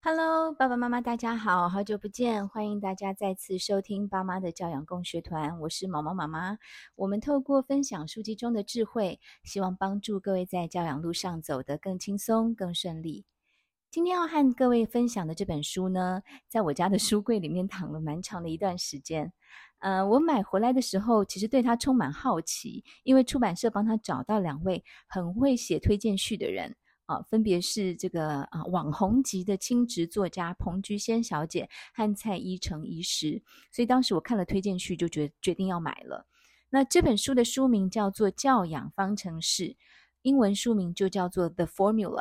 Hello，爸爸媽媽，大家好，好久不見，歡迎大家再次收聽《爸媽的教養共學團》，我是毛毛媽媽。我們透過分享書籍中的智慧，希望幫助各位在教養路上走得更輕鬆、更順利。今天要和各位分享的這本書呢，在我家的書櫃裡面躺了蠻長的一段時間。呃，我買回來的時候，其實對它充滿好奇，因為出版社幫他找到兩位很會寫推薦序的人。啊，分別是這個啊網紅級的親職作家彭菊仙小姐和蔡依橙醫師，所以當時我看了推薦序就決決定要買了。那這本書的書名叫做《教養方程式》，英文書名就叫做《The Formula》。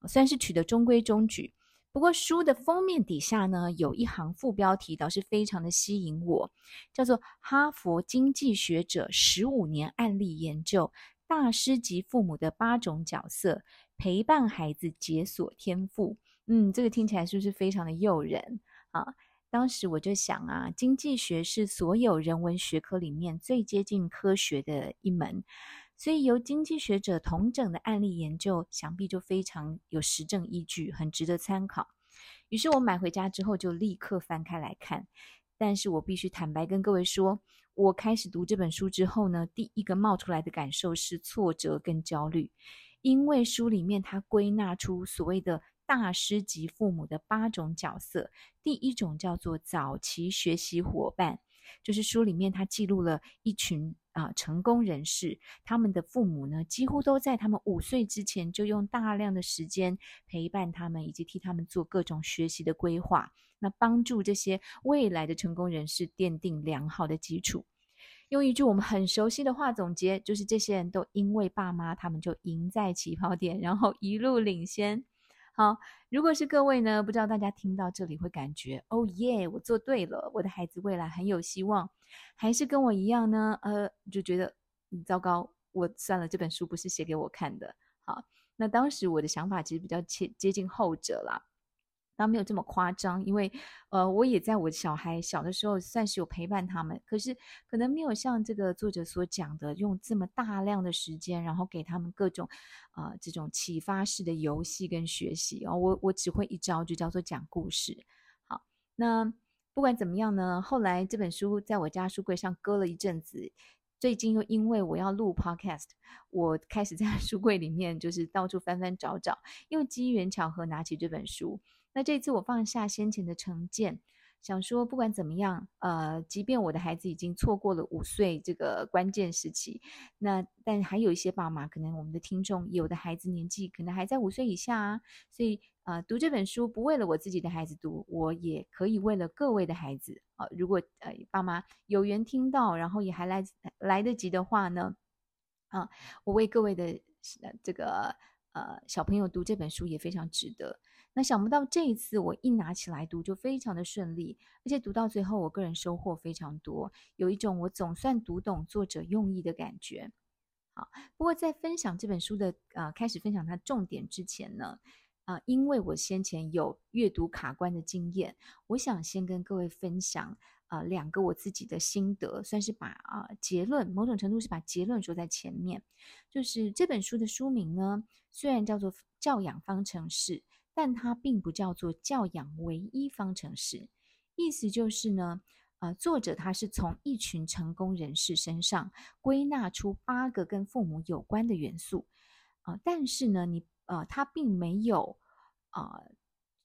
啊，算是取得中規中矩，不過書的封面底下呢，有一行副標題，倒是非常的吸引我，叫做《哈佛經濟學者十五年案例研究》。大師級父母的八種角色，陪伴孩子解鎖天賦。嗯，這個聽起來是不是非常的誘人啊？當時我就想啊，經濟學是所有人文學科裡面最接近科學的一門，所以由經濟學者統整的案例研究，想必就非常有實證依據，很值得參考。於是我買回家之後，就立刻翻開來看。但是我必須坦白跟各位說，我開始讀這本書之後呢，第一個冒出來的感受是挫折跟焦慮，因為書裡面它歸納出所謂的大師級父母的八種角色，第一種叫做早期學習夥伴，就是書裡面它記錄了一群。啊、呃，成功人士他們的父母呢，幾乎都在他們五歲之前就用大量的時間陪伴他們，以及替他們做各種學習的規劃，那幫助這些未來的成功人士奠定良好的基礎。用一句我們很熟悉的話總結，就是這些人都因為爸媽，他們就贏在起跑點，然後一路領先。好，如果是各位呢，不知道大家聽到這裡會感覺，哦耶，我做對了，我的孩子未來很有希望，還是跟我一樣呢？呃，就覺得糟糕，我算了，這本書不是寫給我看的。好，那當時我的想法其實比較切接近後者啦。那沒有這麼誇張，因為，呃，我也在我小孩小的時候算是有陪伴他們，可是可能沒有像這個作者所講的，用這麼大量的時間，然後給他們各種，啊、呃，這種啟發式的遊戲跟學習啊、哦，我我只會一招，就叫做講故事。好，那不管怎麼樣呢，後來這本書在我家書櫃上擱了一陣子，最近又因為我要錄 podcast，我開始在書櫃裡面就是到處翻翻找找，因為機緣巧合拿起這本書。那這次，我放下先前的成見，想說，不管怎麼樣，呃，即便我的孩子已經錯過了五歲這個關鍵時期，那但還有一些爸媽，可能我們的聽眾有的孩子年紀可能還在五歲以下啊，所以呃，讀這本書不為了我自己的孩子讀，我也可以為了各位的孩子啊、呃。如果呃爸媽有緣聽到，然後也還來來得及的話呢，啊、呃，我為各位的這個呃小朋友讀這本書也非常值得。那想不到這一次我一拿起來讀就非常的順利，而且讀到最後，我個人收穫非常多，有一種我總算讀懂作者用意的感覺。好，不過在分享這本書的呃開始分享它重點之前呢，啊、呃，因為我先前有閱讀卡關的經驗，我想先跟各位分享啊、呃、兩個我自己的心得，算是把啊、呃、結論某種程度是把結論說在前面。就是這本書的書名呢，雖然叫做《教養方程式》。但它並不叫做教養唯一方程式，意思就是呢，啊、呃，作者他是從一群成功人士身上歸納出八個跟父母有關的元素，啊、呃，但是呢，你，呃，他並沒有，啊、呃，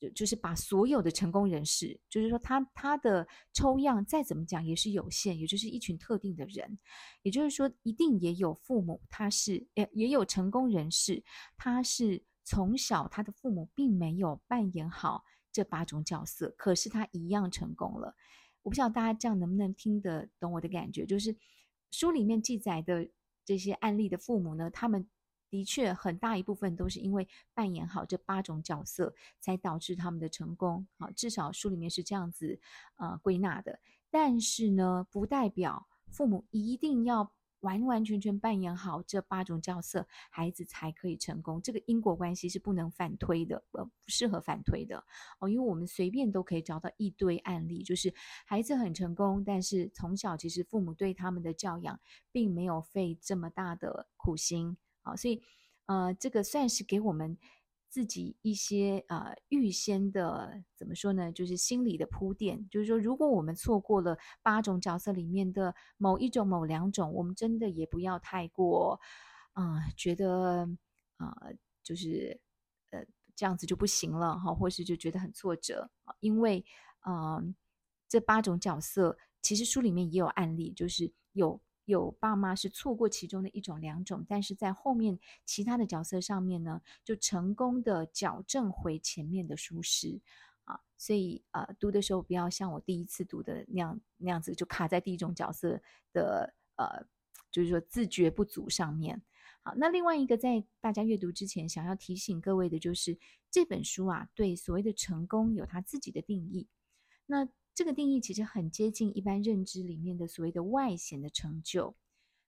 就就是把所有的成功人士，就是說他他的抽樣再怎麼講也是有限，也就是一群特定的人，也就是說一定也有父母，他是也也有成功人士，他是。從小，他的父母並沒有扮演好這八種角色，可是他一樣成功了。我不知道大家這樣能不能聽得懂我的感覺，就是書裡面記載的這些案例的父母呢，他們的確很大一部分都是因為扮演好這八種角色，才導致他們的成功。好，至少書裡面是這樣子啊，呃，歸納的。但是呢，不代表父母一定要。完完全全扮演好這八種角色，孩子才可以成功。這個因果關係是不能反推的，呃，不適合反推的哦。因為我們隨便都可以找到一堆案例，就是孩子很成功，但是從小其實父母對他們的教養並沒有費這麼大的苦心啊。所以，呃，這個算是給我們。自己一些呃預先的怎麼說呢？就是心理的鋪墊。就是說，如果我們錯過了八種角色裡面的某一種、某兩種，我們真的也不要太過，啊、呃、覺得啊、呃、就是呃這樣子就不行了哈，或是就覺得很挫折。因為嗯、呃，這八種角色其實書裡面也有案例，就是有。有爸媽是錯過其中的一種、兩種，但是在後面其他的角色上面呢，就成功的矯正回前面的缺失啊。所以呃，讀的時候不要像我第一次讀的那樣那樣子，就卡在第一種角色的呃，就是說自覺不足上面。好，那另外一個在大家閱讀之前想要提醒各位的就是，這本書啊，對所謂的成功有它自己的定義。那這個定義其實很接近一般認知裡面的所謂的外顯的成就，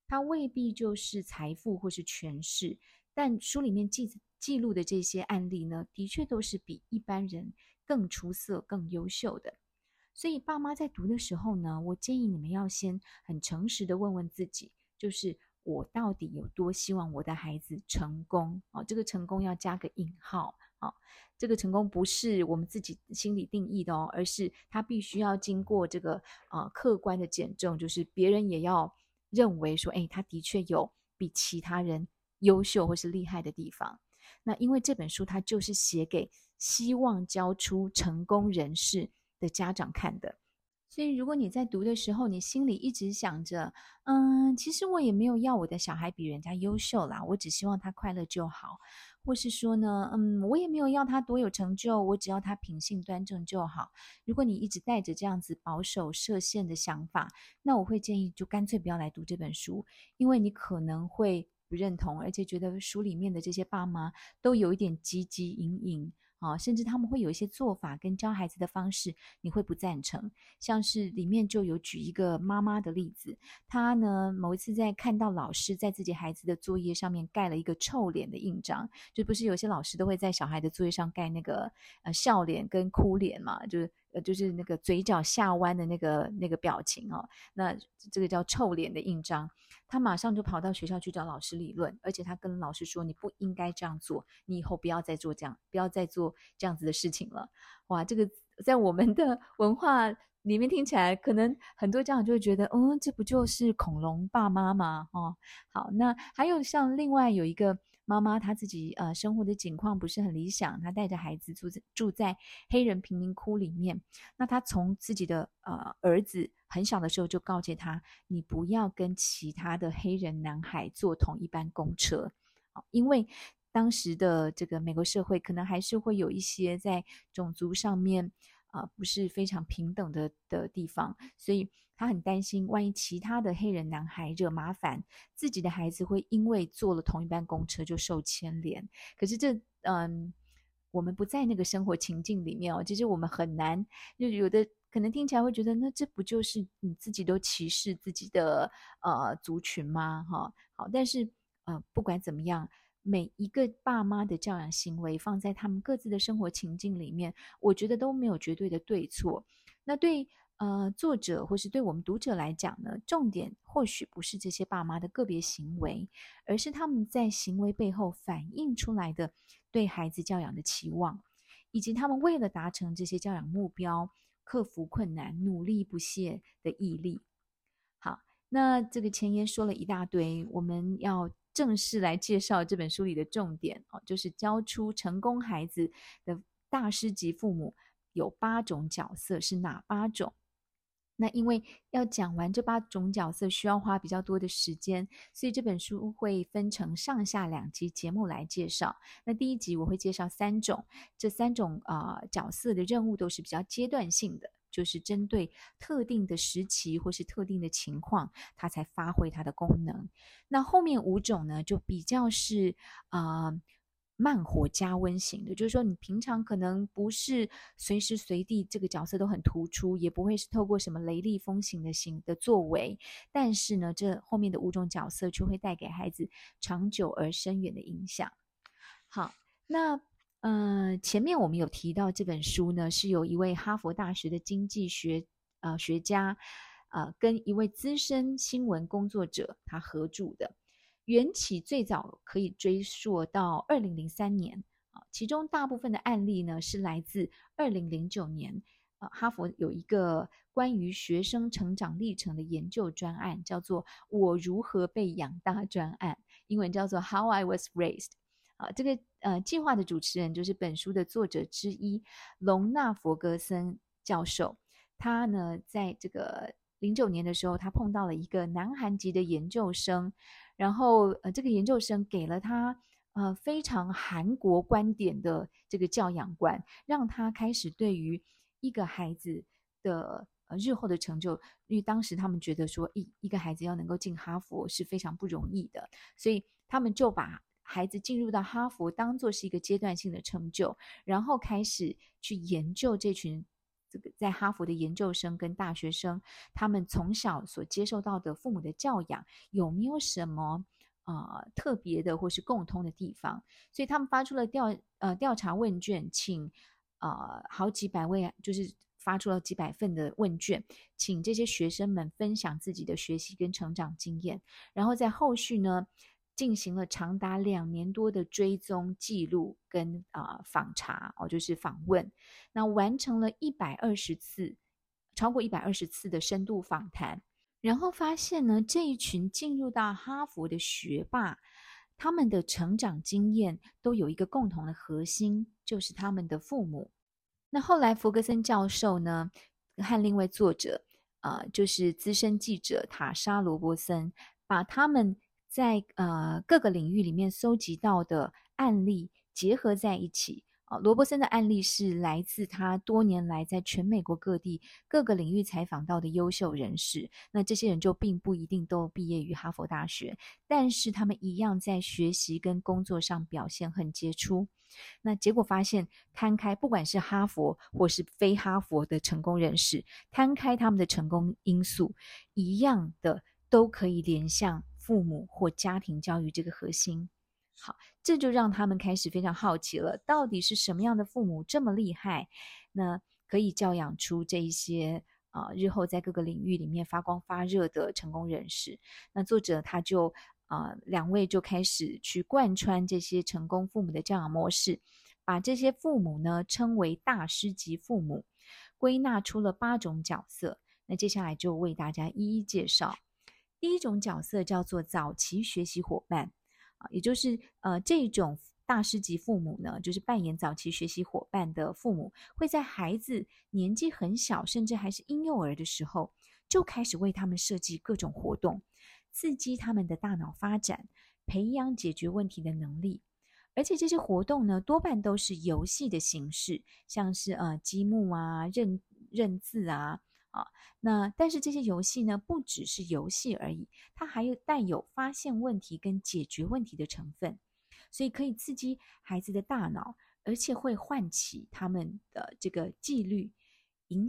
它未必就是財富或是權勢，但書裡面記記錄的這些案例呢，的確都是比一般人更出色、更優秀的。所以爸媽在讀的時候呢，我建議你們要先很誠實的問問自己，就是我到底有多希望我的孩子成功？哦，這個成功要加個引號。啊，這個成功不是我們自己心裡定義的哦，而是他必須要經過這個啊、呃、客觀的檢證。就是別人也要認為說，誒、哎，他的確有比其他人優秀或是厲害的地方。那因為這本書它就是寫給希望教出成功人士的家長看的，所以如果你在讀的時候，你心裡一直想着，嗯，其實我也沒有要我的小孩比人家優秀啦，我只希望他快樂就好。或是說呢，嗯，我也沒有要他多有成就，我只要他品性端正就好。如果你一直帶着這樣子保守設限的想法，那我會建議就乾脆不要來讀這本書，因為你可能會不認同，而且覺得書裡面的這些爸媽都有一點汲汲營營。啊，甚至他們會有一些做法跟教孩子的方式，你會不贊成。像是裡面就有舉一個媽媽的例子，她呢，某一次在看到老師在自己孩子的作業上面蓋了一個臭臉的印章，就不是有些老師都會在小孩的作業上蓋那個呃笑臉跟哭臉嘛，就是。呃，就是那個嘴角下彎的那個那個表情哦，那這個叫“臭臉”的印章，他馬上就跑到學校去找老師理論，而且他跟老師說：“你不應該這樣做，你以後不要再做這樣，不要再做這樣子的事情了。”哇，這個在我們的文化裡面聽起來，可能很多家長就會覺得，嗯，這不就是恐龍爸媽嗎？哦，好，那還有像另外有一個。媽媽她自己呃生活的境況不是很理想，她帶着孩子住住在黑人貧民窟裡面。那她從自己的呃兒子很小的時候就告誡他，你不要跟其他的黑人男孩坐同一班公車，因為當時的這個美國社會可能還是會有一些在種族上面。啊、呃，不是非常平等的的地方，所以他很擔心，萬一其他的黑人男孩惹麻煩，自己的孩子會因為坐了同一班公車就受牽連。可是這，嗯，我們不在那個生活情境裡面哦，其實我們很難，就有的可能聽起來會覺得，那這不就是你自己都歧視自己的呃族群嗎？哈、哦，好，但是，呃，不管怎麼樣。每一個爸媽的教養行為，放在他們各自的生活情境裡面，我覺得都沒有絕對的對錯。那對呃作者或是對我們讀者來講呢，重點或許不是這些爸媽的個別行為，而是他們在行為背後反映出來的對孩子教養的期望，以及他們為了達成這些教養目標，克服困難、努力不懈的毅力。好，那這個前言說了一大堆，我們要。正式來介紹這本書裡的重點哦，就是教出成功孩子的大師級父母有八種角色，是哪八種？那因為要講完這八種角色需要花比較多的時間，所以這本書會分成上下兩集節目來介紹。那第一集我會介紹三種，這三種啊、呃、角色的任務都是比較階段性的。就是針對特定的時期或是特定的情況，它才發揮它的功能。那後面五種呢，就比較是啊、呃、慢火加溫型的，就是說你平常可能不是隨時隨地這個角色都很突出，也不會是透過什麼雷厲風行的行的作為，但是呢，這後面的五種角色卻會帶給孩子長久而深遠的影響。好，那。呃、嗯，前面我們有提到這本書呢，是由一位哈佛大學的經濟學呃學家，呃跟一位資深新聞工作者他合著的，緣起最早可以追溯到二零零三年啊，其中大部分的案例呢是來自二零零九年，呃哈佛有一個關於學生成長歷程的研究專案，叫做《我如何被養大》專案，英文叫做《How I Was Raised》。這個呃，計劃的主持人就是本書的作者之一，隆納弗格森教授。他呢，在這個零九年的時候，他碰到了一個南韓籍的研究生，然後呃，這個研究生給了他呃非常韓國觀點的這個教養觀，讓他開始對於一個孩子的呃日後的成就，因為當時他們覺得說一一個孩子要能夠進哈佛是非常不容易的，所以他們就把。孩子進入到哈佛，當做是一個階段性的成就，然後開始去研究這群這個在哈佛的研究生跟大學生，他們從小所接受到的父母的教養有沒有什麼啊、呃、特別的或是共通的地方？所以他們發出了調呃調查問卷，請啊、呃、好幾百位，就是發出了幾百份的問卷，請這些學生們分享自己的學習跟成長經驗，然後在後續呢。進行了長達兩年多的追蹤記錄跟啊、呃、訪查哦，就是訪問，那完成了一百二十次，超過一百二十次的深度訪談，然後發現呢，這一群進入到哈佛的學霸，他們的成長經驗都有一個共同的核心，就是他們的父母。那後來弗格森教授呢，和另外作者啊、呃，就是資深記者塔莎羅伯森，把他們。在呃各個領域裡面蒐集到的案例結合在一起啊、哦，羅伯森的案例是來自他多年來在全美國各地各個領域採訪到的優秀人士。那這些人就並不一定都畢業於哈佛大學，但是他們一樣在學習跟工作上表現很傑出。那結果發現，攤開不管是哈佛或是非哈佛的成功人士，攤開他們的成功因素，一樣的都可以聯想。父母或家庭教育這個核心，好，這就讓他們開始非常好奇了，到底是什麼樣的父母這麼厲害，那可以教養出這一些啊、呃、日後在各個領域裡面發光發熱的成功人士。那作者他就啊、呃、兩位就開始去貫穿這些成功父母的教養模式，把這些父母呢稱為大師級父母，歸納出了八種角色。那接下來就為大家一一介紹。第一種角色叫做早期學習夥伴，啊，也就是呃，這種大師級父母呢，就是扮演早期學習夥伴的父母，會在孩子年紀很小，甚至還是嬰幼兒的時候，就開始為他們設計各種活動，刺激他們的大腦發展，培養解決問題的能力。而且這些活動呢，多半都是遊戲的形式，像是呃，積木啊，認認字啊。啊，哦，那但是這些遊戲呢，不只是遊戲而已，它還有帶有發現問題跟解決問題的成分，所以可以刺激孩子的大腦，而且會喚起他們的這個紀律，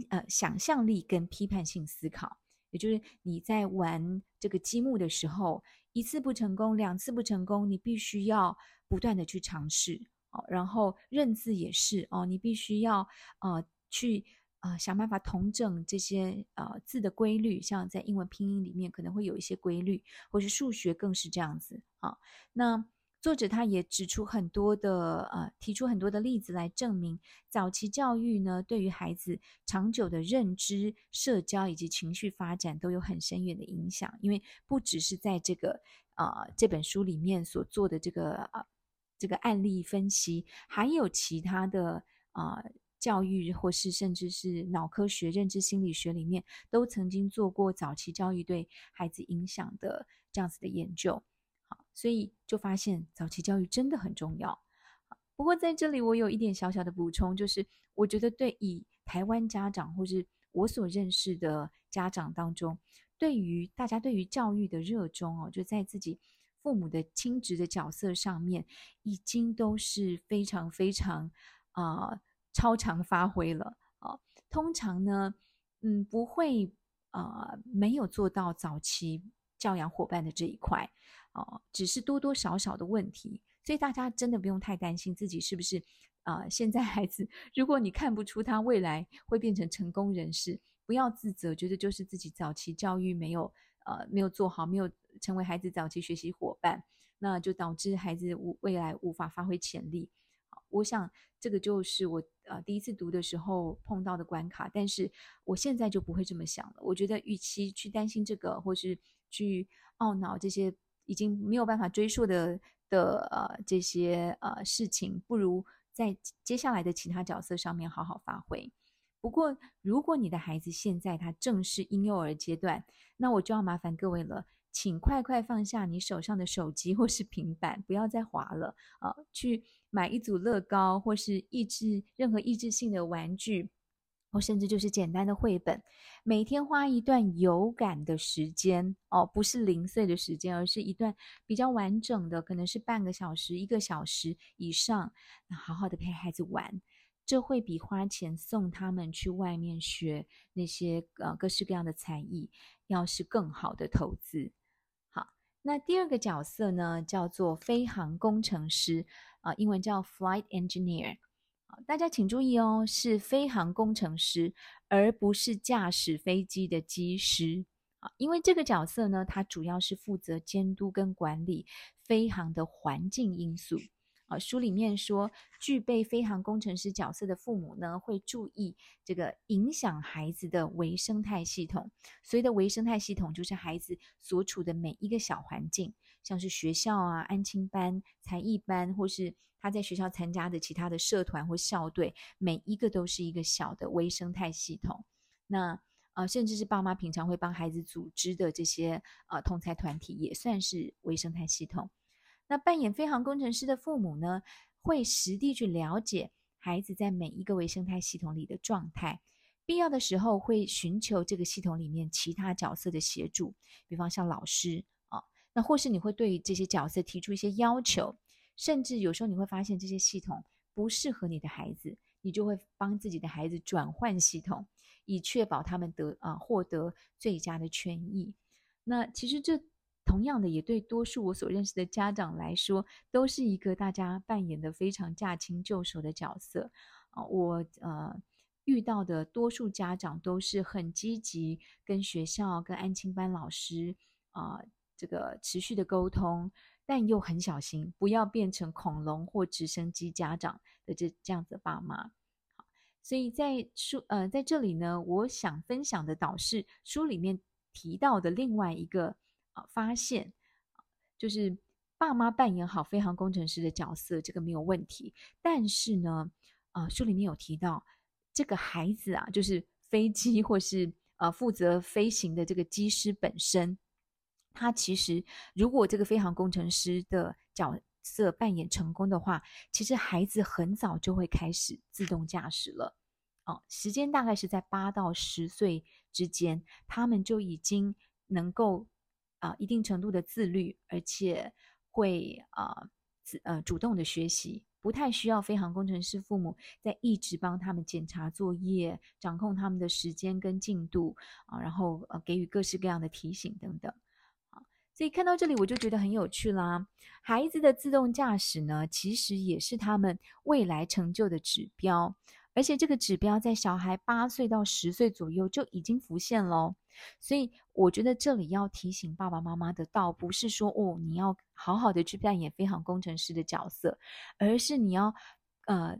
呃，想象力跟批判性思考。也就是你在玩這個積木的時候，一次不成功，兩次不成功，你必須要不斷的去嘗試，哦，然後認字也是哦，你必須要，呃，去。啊、呃，想辦法統整這些呃字的規律，像在英文拼音裡面可能會有一些規律，或是數學更是這樣子啊、呃。那作者他也指出很多的呃，提出很多的例子來證明，早期教育呢對於孩子長久的認知、社交以及情緒發展都有很深遠的影響。因為不只是在這個呃這本書裡面所做的這個呃這個案例分析，還有其他的啊。呃教育，或是甚至是腦科學、認知心理學裡面，都曾經做過早期教育對孩子影響的這樣子的研究。好，所以就發現早期教育真的很重要。不過在這裡，我有一點小小的補充，就是我覺得對以台灣家長，或是我所認識的家長當中，對於大家對於教育的熱衷哦，就在自己父母的親職的角色上面，已經都是非常非常啊、呃。超常發揮了啊、哦，通常呢，嗯，不會啊、呃，沒有做到早期教養夥伴的這一塊啊、哦，只是多多少少的問題，所以大家真的不用太擔心自己是不是啊、呃，現在孩子如果你看不出他未來會變成成功人士，不要自責，覺得就是自己早期教育沒有呃沒有做好，沒有成為孩子早期學習夥伴，那就導致孩子無未來無法發揮潛力。我想這個就是我呃第一次讀的時候碰到的關卡，但是我現在就不會這麼想了。我覺得與其去擔心這個，或是去懊惱這些已經沒有辦法追溯的的呃這些呃事情，不如在接下來的其他角色上面好好發揮。不過如果你的孩子現在他正是嬰幼兒階段，那我就要麻煩各位了。請快快放下你手上的手機或是平板，不要再滑了啊、哦！去買一組樂高或是益智任何益智性的玩具，或、哦、甚至就是簡單的繪本，每天花一段有感的時間哦，不是零碎的時間，而是一段比較完整的，可能是半個小時、一個小時以上，好好的陪孩子玩，這會比花錢送他們去外面學那些呃各式各樣的才藝，要是更好的投資。那第二個角色呢，叫做飛航工程師，啊，英文叫 flight engineer。啊，大家請注意哦，是飛航工程師，而不是駕駛飛機的機師。啊，因為這個角色呢，它主要是負責監督跟管理飛航的環境因素。啊，書裡面說，具備飛航工程師角色的父母呢，會注意這個影響孩子的微生態系統。所謂的微生態系統，就是孩子所處的每一個小環境，像是學校啊、安親班、才藝班，或是他在學校參加的其他的社團或校隊，每一個都是一個小的微生態系統。那呃甚至是爸媽平常會幫孩子組織的這些呃同才團體，也算是微生態系統。那扮演飛航工程師的父母呢，會實地去了解孩子在每一個微生態系統裡的狀態，必要的時候會尋求這個系統裡面其他角色的協助，比方像老師啊，那或是你會對這些角色提出一些要求，甚至有時候你會發現這些系統不適合你的孩子，你就會幫自己的孩子轉換系統，以確保他們得啊獲得最佳的權益。那其實這。同樣的，也對多數我所認識的家長來說，都是一個大家扮演的非常駕輕就熟的角色啊。我呃遇到的多數家長都是很積極跟學校、跟安親班老師啊、呃、這個持續的溝通，但又很小心，不要變成恐龍或直升機家長的這這樣子的爸媽。所以在書呃在這裡呢，我想分享的倒是書裡面提到的另外一個。啊，發現就是爸媽扮演好飛航工程師的角色，這個沒有問題。但是呢，啊、呃，書裡面有提到，這個孩子啊，就是飛機或是呃負責飛行的這個機師本身，他其實如果這個飛航工程師的角色扮演成功的話，其實孩子很早就會開始自動駕駛了。哦、呃，時間大概是在八到十歲之間，他們就已經能夠。啊，一定程度的自律，而且會啊自呃、啊、主動的學習，不太需要飛航工程師父母再一直幫他們檢查作業、掌控他們的時間跟進度啊，然後呃、啊、給予各式各樣的提醒等等啊。所以看到這裡，我就覺得很有趣啦。孩子的自動駕駛呢，其實也是他們未來成就的指標，而且這個指標在小孩八歲到十歲左右就已經浮現嘍。所以，我覺得這裡要提醒爸爸媽媽的，倒不是說哦，你要好好的去扮演飛航工程師的角色，而是你要，呃，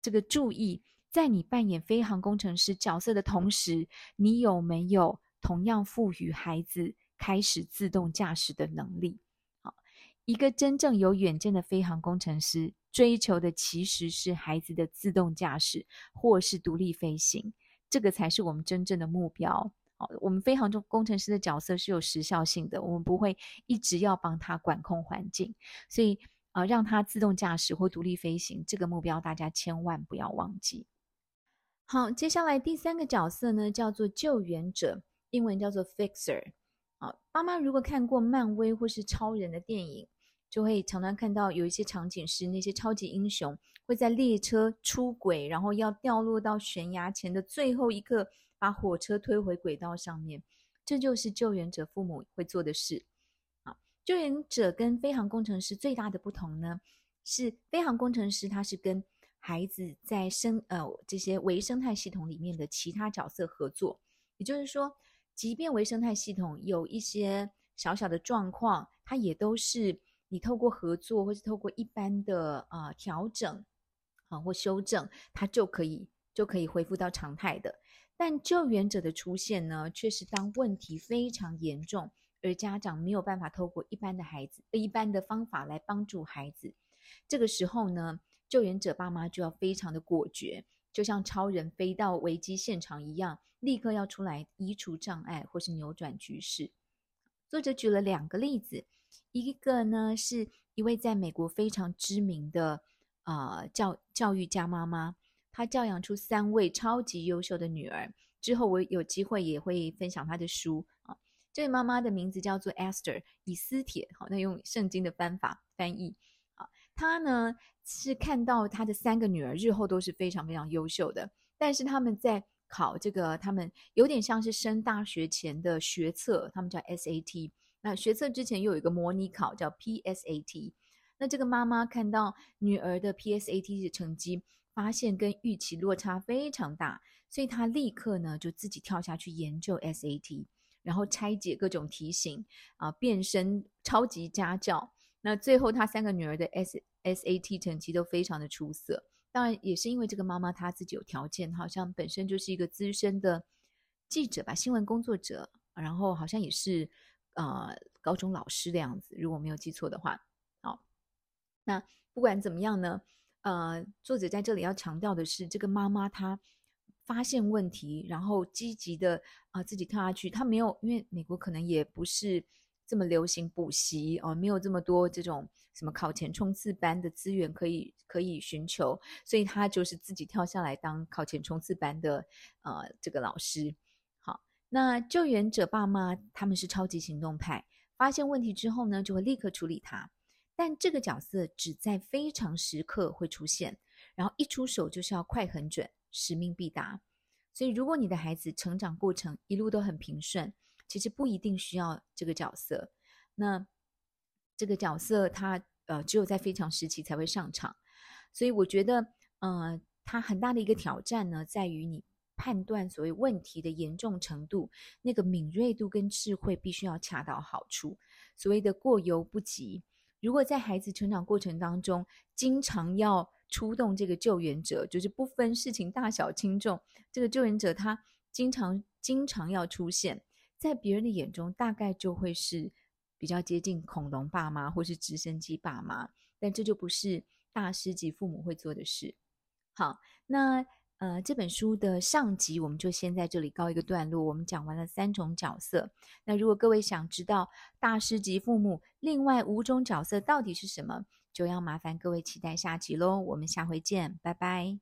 這個注意，在你扮演飛航工程師角色的同時，你有沒有同樣賦予孩子開始自動駕駛的能力？好，一個真正有遠見的飛航工程師追求的其實是孩子的自動駕駛或是獨立飛行，這個才是我們真正的目標。我們飛航工程師的角色是有時效性的，我們不會一直要幫他管控環境，所以啊、呃，讓他自動駕駛或獨立飛行這個目標，大家千萬不要忘記。好，接下來第三個角色呢，叫做救援者，英文叫做 Fixer。啊，爸媽如果看過漫威或是超人的電影，就會常常看到有一些場景是那些超級英雄會在列車出軌，然後要掉落到懸崖前的最後一刻。把火車推回軌道上面，這就是救援者父母會做的事。啊，救援者跟飛航工程師最大的不同呢，是飛航工程師他是跟孩子在生呃這些微生態系統裡面的其他角色合作。也就是說，即便微生態系統有一些小小的狀況，它也都是你透過合作或是透過一般的啊、呃、調整啊或修正，它就可以就可以恢復到常態的。但救援者的出現呢，卻是當問題非常嚴重，而家長沒有辦法透過一般的孩子、一般的方法來幫助孩子。這個時候呢，救援者爸媽就要非常的果決，就像超人飛到危機現場一樣，立刻要出來移除障礙或是扭轉局勢。作者舉了兩個例子，一個呢是一位在美國非常知名的啊、呃、教教育家媽媽。她教養出三位超級優秀的女兒。之後，我有機會也會分享她的書啊。這位媽媽的名字叫做 Esther 以斯帖，好，那用聖經的翻法翻譯啊。她呢是看到她的三個女兒日後都是非常非常優秀的，但是他們在考這個，他們有點像是升大學前的學測，他們叫 SAT。那學測之前又有一個模擬考叫 PSAT。那這個媽媽看到女兒的 PSAT 的成績。發現跟預期落差非常大，所以他立刻呢就自己跳下去研究 SAT，然後拆解各種題型啊，變、呃、身超級家教。那最後他三個女兒的 S SAT 成績都非常的出色，當然也是因為這個媽媽她自己有條件，好像本身就是一個資深的記者吧，新聞工作者，然後好像也是、呃、高中老師的樣子，如果沒有記錯的話。好，那不管怎麼樣呢？呃，作者在這裡要強調的是，這個媽媽她發現問題，然後積極的啊、呃、自己跳下去。她沒有，因為美國可能也不是這麼流行補習哦、呃，沒有這麼多這種什麼考前衝刺班的資源可以可以尋求，所以她就是自己跳下來當考前衝刺班的呃這個老師。好，那救援者爸媽他們是超級行動派，發現問題之後呢，就會立刻處理它。但這個角色只在非常時刻會出現，然後一出手就是要快、狠、準，使命必達。所以，如果你的孩子成長過程一路都很平順，其實不一定需要這個角色。那這個角色他，他呃，只有在非常時期才會上場。所以，我覺得，呃，他很大的一個挑戰呢，在於你判斷所謂問題的嚴重程度，那個敏銳度跟智慧必須要恰到好處，所謂的過猶不及。如果在孩子成長過程當中，經常要出動這個救援者，就是不分事情大小輕重，這個救援者他經常經常要出現在別人的眼中，大概就會是比較接近恐龍爸媽或是直升機爸媽，但這就不是大師級父母會做的事。好，那。呃，這本書的上集我們就先在這裡告一個段落。我們講完了三種角色，那如果各位想知道大師級父母另外五種角色到底是什麼，就要麻煩各位期待下集嘍。我們下回見，拜拜。